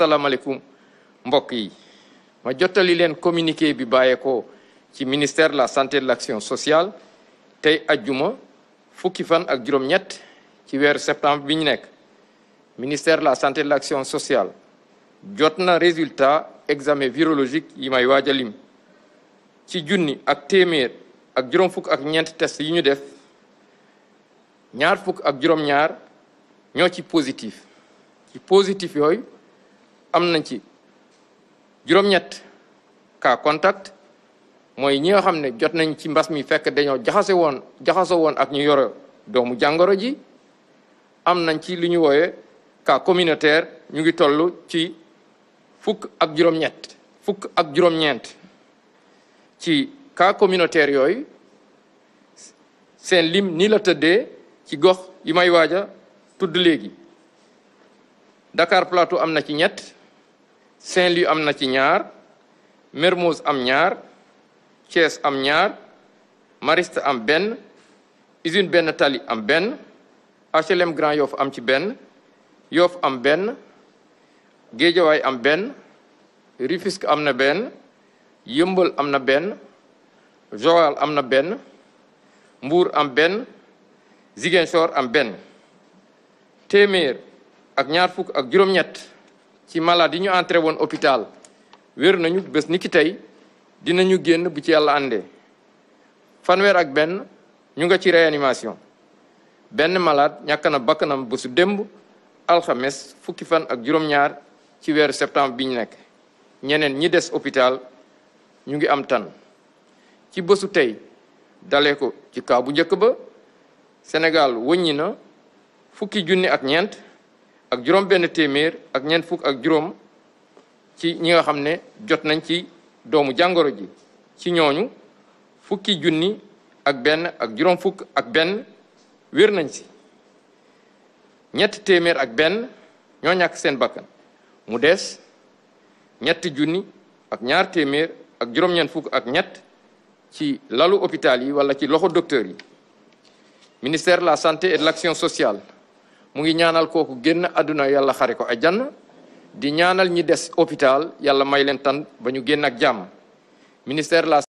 asalaamaaleykum mbokk yi ma jottali leen communiqué bi bàyyeekoo ci ministère la santé de l'action sociale tey ajjuma fukki fan ak juróom-ñett ci weer septembre bi ñu nekk ministère la santé de l'action sociale jot na résultat examen virologique yi may waajalim ci junni ak téeméer ak juróom fukk ak ñeent test yi ñu def ñaar fukk ak juróom-ñaar ñoo ci positif ci positif yooyu am nañ ci juróom-ñett cas contact mooy ñi nga xam ne jot nañ ci mbas mi fekk dañoo jaxase woon jaxaso woon ak ñu yore doomu jàngoro ji am nañ ci lu ñuy wooye cas communautaire ñu ngi tollu ci fukk ak juróom-ñett fukk ak juróom-ñeent ci cas communautaire yooyu seen lim ni la tëddee ci gox yi may waaj tudd léegi Dakar Plateau am na ci ñett Saint-Louis am na ci ñaar Mermoz am ñaar Thiès am ñaar Mariste am benn usine benn tali am benn HLM Grand Yoff am ci benn yof am benn Géejawaay am benn Rufisque am na benn Yëmbal am na benn Joal am na benn Mbuur am benn Ziguinchor am benn téeméer ak ñaar fukk ak juróom-ñett ci malade yi ñu entré woon hôpital wér nañu bés ni ki tey dinañu génn bu ci yàlla àndee fanweer ak benn ñu nga ci réanimation benn malade ñàkk na bakkanam bésu démb alxames fukki fan ak juróom-ñaar ci weer septembre bi ñu nekk ñeneen ñi des hôpital ñu ngi am tan ci bésu tey dalee ko ci kaa bu njëkk ba Sénégal wëññi na fukki junni ak ñeent ak juróom benn téeméer ak ñeent fukk ak juróom ci ñi nga xam ne jot nañ ci doomu jàngoro ji ci ñooñu fukki junni ak benn ak juróom fukk ak benn wér nañ si ñett téeméer ak benn ñoo ñàkk seen bakkan mu des ñett junni ak ñaar téeméer ak juróom-ñeent fukk ak ñett ci lalu hôpital yi wala ci loxo docteur yi ministère la santé et de l'action sociale mu ngi ñaanal kooku génn àdduna yàlla xare ko àjjana di ñaanal ñi des hôpital yàlla may leen tan ba ñu génn ak jàmm ministère la